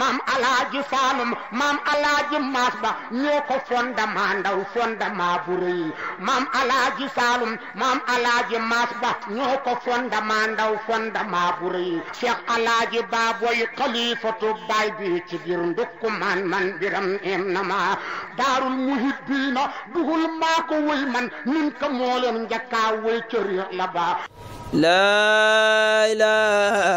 maam alaaji saalum maam alaaji maas ba ñoo ko fondement ndaw fondement bu maam alaaji saalum maam alaaji maas ba ñoo ko fondement ndaw fondement bu rëy cheikh alaaji baaboy xalifatu baay bi ci ndukku man man biram em na ma daarul muhibbiina dugul maa ko wëy ka moo leen njëkkaa wëy cër laa ilaha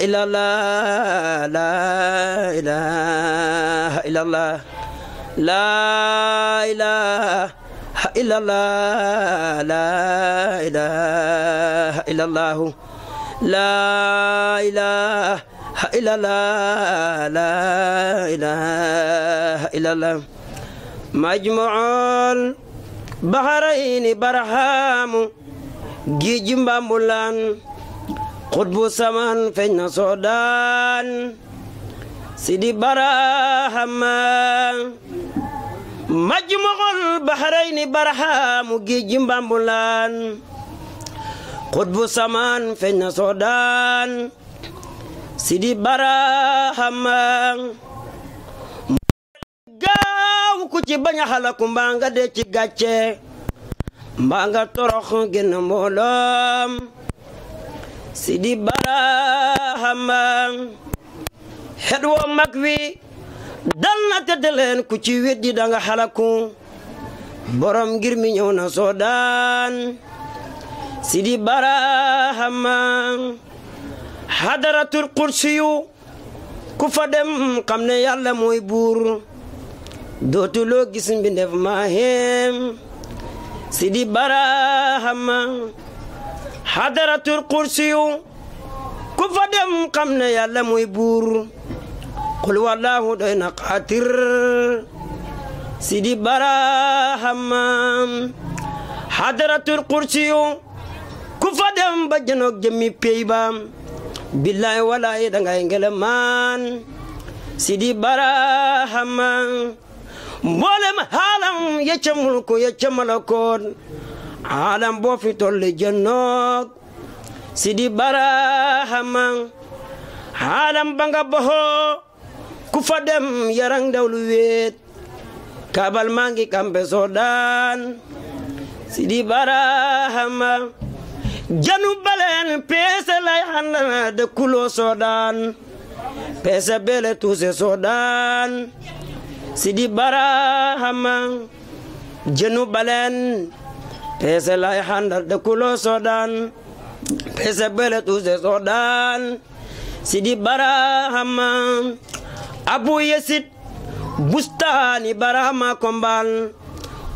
إلا الله لا إله إلا الله لا إله إلا الله لا إله إلا الله لا إله إلا الله لا إله إلا الله مجمع البحرين برهام جيجم بامبولان xutbu samaan feeñ na soodaan sidi barahama majmuxul bahrayni barahamu géej gi mbambulaan xutbu samaan feeñ soodaan sidi barahama gaaw ku ci bañ a xalaku dee ci gàcce mbaa torox génn mbooloom sidi barahama xet woo mag wi dal na tëdd leen ku ci weddi da nga xalaku borom ngir mi ñëw na soodaan sidi barahama xadaratul kursiyu ku fa dem xam ne yàlla mooy buur dootuloo gis mbindeef maaheem sidi barahama xadaratul kursiyu ku dem xam ne yàlla muy buur qul wallaahu doy na xaatir sidi barahama xadaratul kursiyu ku dem ba jënoog jëmmi pey ba billaay walaay dangay ngelemaan sidi barahama mboolem xaalam yecca mulku yecca malakoon alam bo fi tolle jennok sidi barahamang alam banga boho boxoo ku dem yarang dawlu wet kabal mangi kambe sodan sidi barahama janu balen pese lay handana de kulo sodan pese bele tuse sodan sidi barahama janu balen peese lay handal ɗe kulo soɗan peese bele ɗuse soɗan sidi barahama abu yesid bustani barahama kombal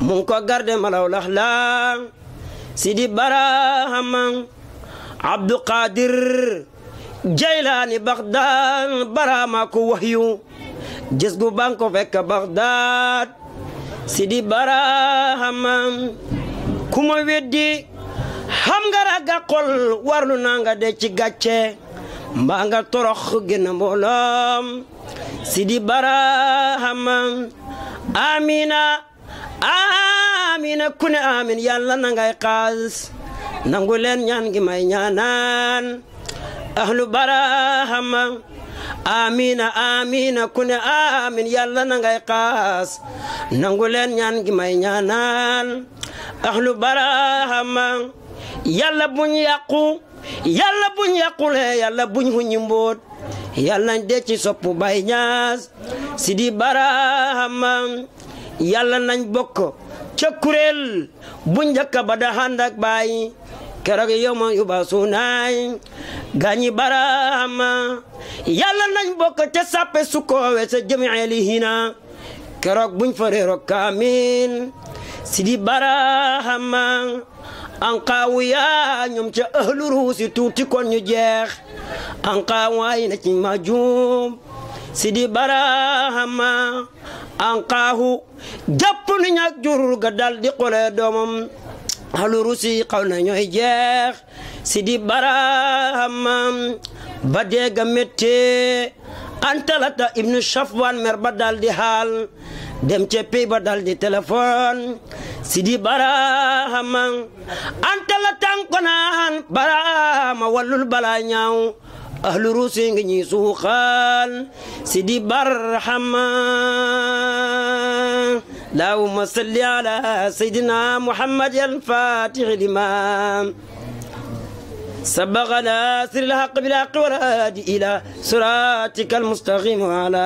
mun ko garde malawlahla sidi barahama abdoukadir jaylani bagdad barahama wahyu jesgu banko fekka bagdad sidi barahama ku ma weddi xam nga raga xol warlu naa nga de ci gàcce mbaa nga torox génn mbooloom sidi barahama amina amina ku ne amin yàlla na ngay xaas nangu leen ñaan gi may ñaanaan ahlu barahama amina amina ku ne amin yàlla na ngay xaas nangu leen ñaan may ñaanaan ahlu barahama yàlla buñ yàqu yàlla buñ yàqule yàlla buñ huñi mbóot nañ dee ci bay ñaas sidi barahama yàlla nañ bokk ca kuréel bu njëkk ba da ànd ak keroog yow ma yuba suunaay gaañi barahama yàlla nañ bokk ca sukkoowe sa jëmi eli hina keroog buñ fa réeroo sidi barahama anqaawu yaa ñoom ca ahlu ruusi tuuti kon ñu jeex anqaawaay na ci majum sidi barahama anqaahu jàpp nañ ak jurul ga dal di xoolee doomam ruusi xaw na ñooy jeex sidi barahama ba deega méttee antalata ibnu shafwan mer ba dal di dem ceppi ba dal di téléphone sidi barahama anta la tànkonaan wallul balaa ñaaw ahlu ruusi ngi ñi suuxaan sidi barahama laahumma salli ala sayyidina muhammad al limaam سبغ ناصر الحق بالحق والهادي إلى صراطك المستقيم على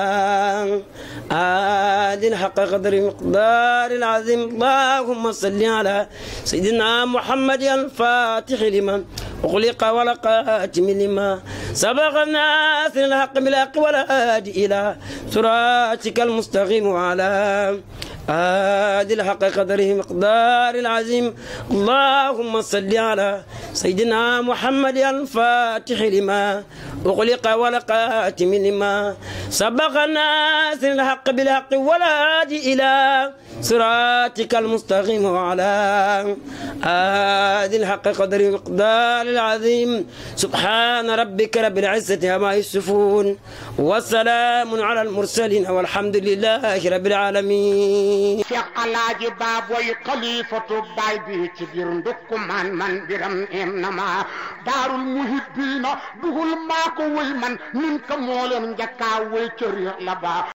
آل الحق قدر مقدار العظيم اللهم صل على سيدنا محمد الفاتح لمن أغلق ولقاتم لما سبغ ناصر الحق بالحق والهادي إلى صراطك المستقيم على آل الحق قدره مقدار العظيم اللهم صل على سيدنا محمد الفاتح لما أغلق من لما سبق الناس الحق بالحق ولا عادي إلى صراطك المستقيم وعلى آدي الحق قدر المقدار العظيم سبحان ربك رب العزة عما يصفون والسلام على المرسلين والحمد لله رب العالمين شق العاج باب ويقليفة باي بيت تبير دكم من من برم إنما دار المهدين دخل ماكو ويمن منك مولن جكاوي way cor ya la baax